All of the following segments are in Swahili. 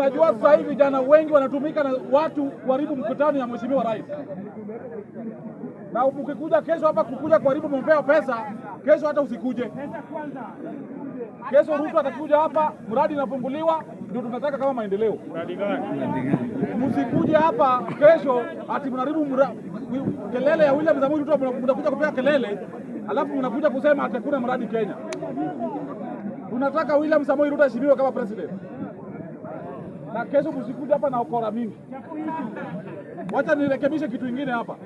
Unajua sasa hivi vijana wengi wanatumika na watu kuharibu mkutano ya mheshimiwa rais, na ukikuja kesho hapa kukuja kuharibu mombea pesa, kesho hata usikuje. Kesho Ruto atakuja hapa, mradi inafunguliwa, ndio tunataka kama maendeleo. Msikuje hapa kesho ati mnaharibu kelele ya William Samoei Ruto, mnakuja kupea kelele alafu mnakuja kusema atakuna mradi Kenya. Tunataka William Samoei Ruto aheshimiwe kama president na kesho msikuja hapa na ukora mingi. Wacha nirekebishe kitu ingine hapa.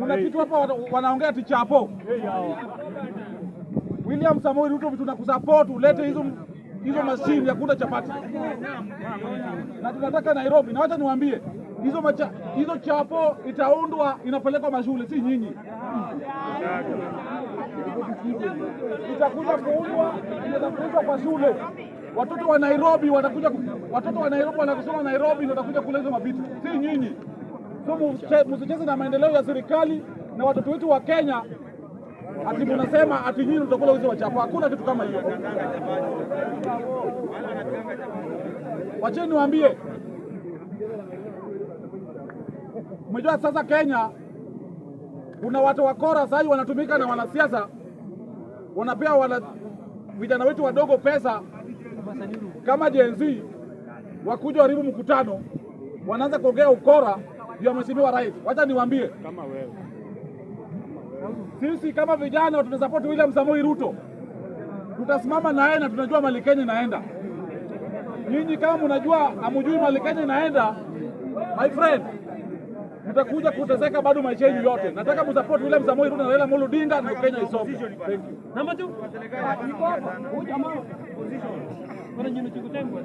Kuna kitu hapa wanaongea tichapo. William Samoei Ruto, tunakusupport ulete hizo hizo mashine ya kula chapati na tunataka Nairobi, na wacha niwaambie hizo macha, hizo chapo itaundwa inapelekwa mashule, si nyinyi, itakuja kuundwa inaweza kwa shule. Watoto wa Nairobi watakuja, watoto wa Nairobi wanakusoma Nairobi, ndio watakuja kula hizo mabitu, si nyinyi. So msicheze na maendeleo ya serikali na watoto wetu wa Kenya, ati mnasema ati nyinyi mtakula hizo machapo. Hakuna kitu kama hiyo. Wacheni niwaambie Mjua sasa Kenya kuna watu wakora sahii wanatumika na wanasiasa, wanapea wana vijana wetu wadogo pesa kama jenzi wakuja haribu mkutano, wanaanza kuongea ukora juu ya mheshimiwa rais. Wacha niwaambie sisi kama vijana tunasapoti William Samoei Ruto, tutasimama naye na tunajua mali Kenya inaenda. Nyinyi kama mnajua amujui mali Kenya inaenda, my friend mtakuja kuteseka bado maisha yenu yote. Nataka msupport William Samoei Ruto na Raila Amolo Odinga na Kenya isonge. Thank you. Namba 2. Kwa Jamaa. Position.